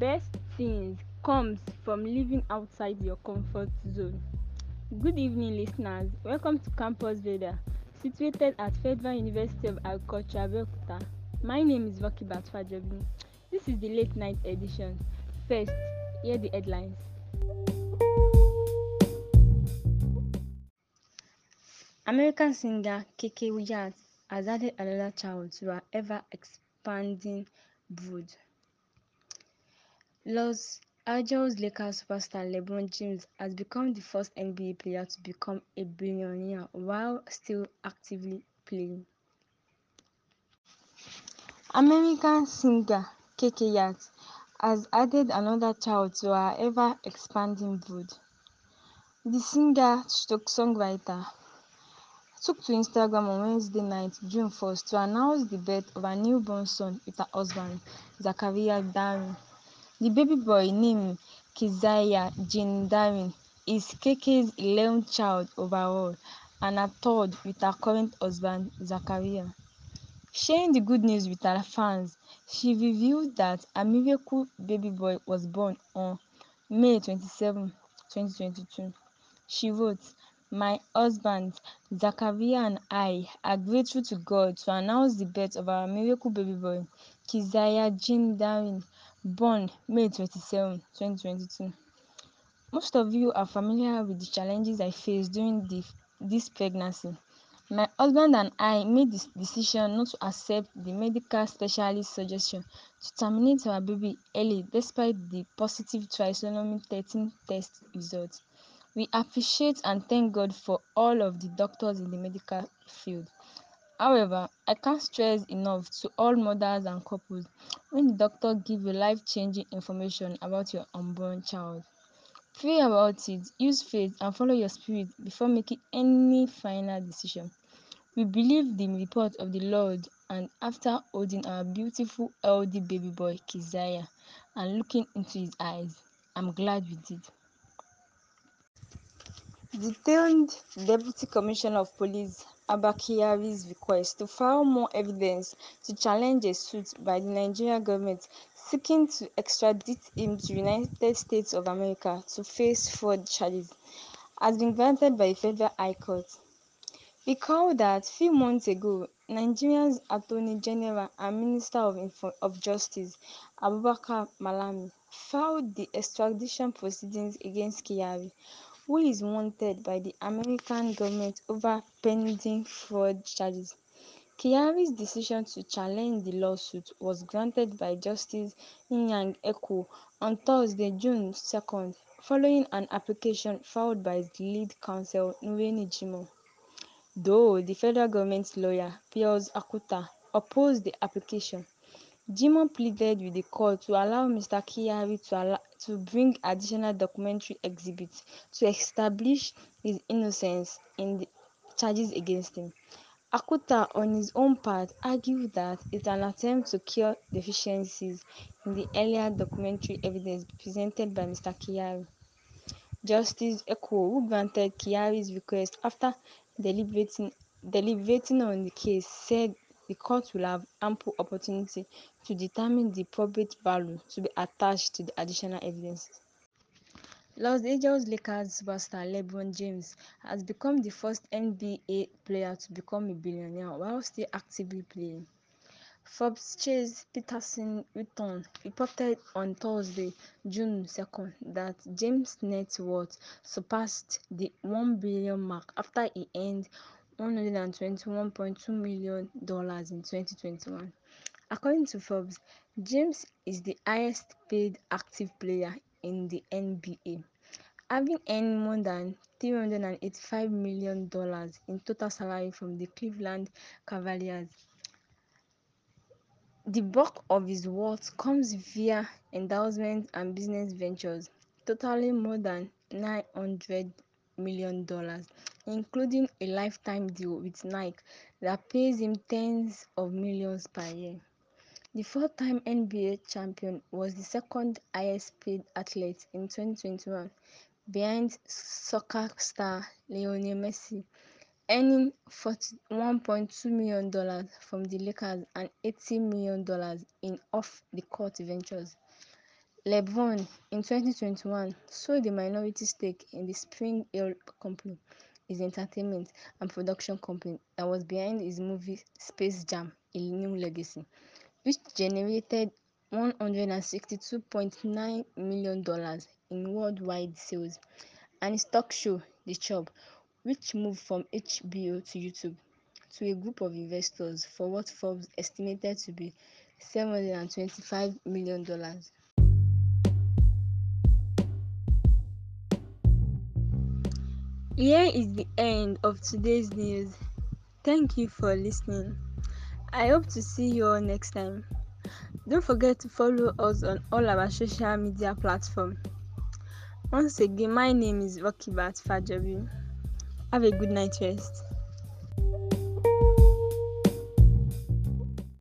best things comes from living outside your comfort zone. Good evening, listeners. Welcome to Campus Veda, situated at Federal University of Agriculture, Abeokuta. My name is Vaki Batfajabi. This is the late night edition. First, hear the headlines. American singer Keke Williams has added another child to her ever expanding brood. Los Angeles Lakers superstar LeBron James has become the first NBA player to become a billionaire while still actively playing. American singer Keke Yates has added another child to her ever-expanding brood. The singer-songwriter took to Instagram on Wednesday night, June 1st, to announce the birth of her newborn son with her husband, Zachariah Darren. The baby boy, named Keziah Jindarin, is KK's 11th child overall and a third with her current husband, Zakaria. Sharing the good news with her fans, she revealed that a miracle baby boy was born on May 27, 2022. She wrote, My husband, Zakaria, and I are grateful to God to announce the birth of our miracle baby boy Kizaya Jim Darwin, born May 27, 2022. Most of you are familiar with the challenges I faced during the, this pregnancy. My husband and I made the decision not to accept the medical specialist's suggestion to terminate our baby early despite the positive trisomy 13 test results. We appreciate and thank God for all of the doctors in the medical field. However, I can't stress enough to all mothers and couples when the doctor gives you life changing information about your unborn child. Pray about it, use faith, and follow your spirit before making any final decision. We believe the report of the Lord, and after holding our beautiful, elderly baby boy, Keziah, and looking into his eyes, I'm glad we did. Detained Deputy Commissioner of Police Abakiyari's request to file more evidence to challenge a suit by the Nigerian government seeking to extradite him to United States of America to face fraud charges has been granted by the Federal High Court. Recall that few months ago, Nigeria's Attorney General and Minister of, Info- of Justice Abubakar Malami filed the extradition proceedings against Kiyari who is wanted by the American government over pending fraud charges. Kiari's decision to challenge the lawsuit was granted by Justice Inyang Eko on Thursday, June 2nd, following an application filed by his lead counsel Nureni Jimo. Though the federal government's lawyer, Piers Akuta, opposed the application, Gyimon pleaded with the court to allow Mr. Kiyari to, allow, to bring additional documentary exhibits to establish his innocence in the charges against him. Akuta, on his own part, argued that it's an attempt to cure deficiencies in the earlier documentary evidence presented by Mr. Kiyari. Justice Eko, who granted Kiyari's request after deliberating, deliberating on the case, said the court will have ample opportunity to determine the proper value to be attached to the additional evidence. Los Angeles Lakers superstar LeBron James has become the first NBA player to become a billionaire while still actively playing. Forbes Chase Peterson Wheaton reported on Thursday, June 2nd, that James' net worth surpassed the 1 billion mark after he earned $121.2 million in 2021. According to Forbes, James is the highest paid active player in the NBA, having earned more than $385 million in total salary from the Cleveland Cavaliers. The bulk of his wealth comes via endorsements and business ventures, totaling more than $900 million including a lifetime deal with Nike that pays him tens of millions per year. The four-time NBA champion was the second highest paid athlete in 2021 behind soccer star Lionel Messi, earning $41.2 million from the Lakers and $80 million in off-the-court ventures. LeBron in 2021 sold a minority stake in the Spring Hill Company his entertainment and production company that was behind his movie Space Jam: A New Legacy, which generated $162.9 million in worldwide sales, and his talk show The Chop, which moved from HBO to YouTube, to a group of investors for what Forbes estimated to be $725 million. Here is the end of today's news. Thank you for listening. I hope to see you all next time. Don't forget to follow us on all our social media platforms. Once again, my name is Rocky Bat Fajabi. Have a good night rest.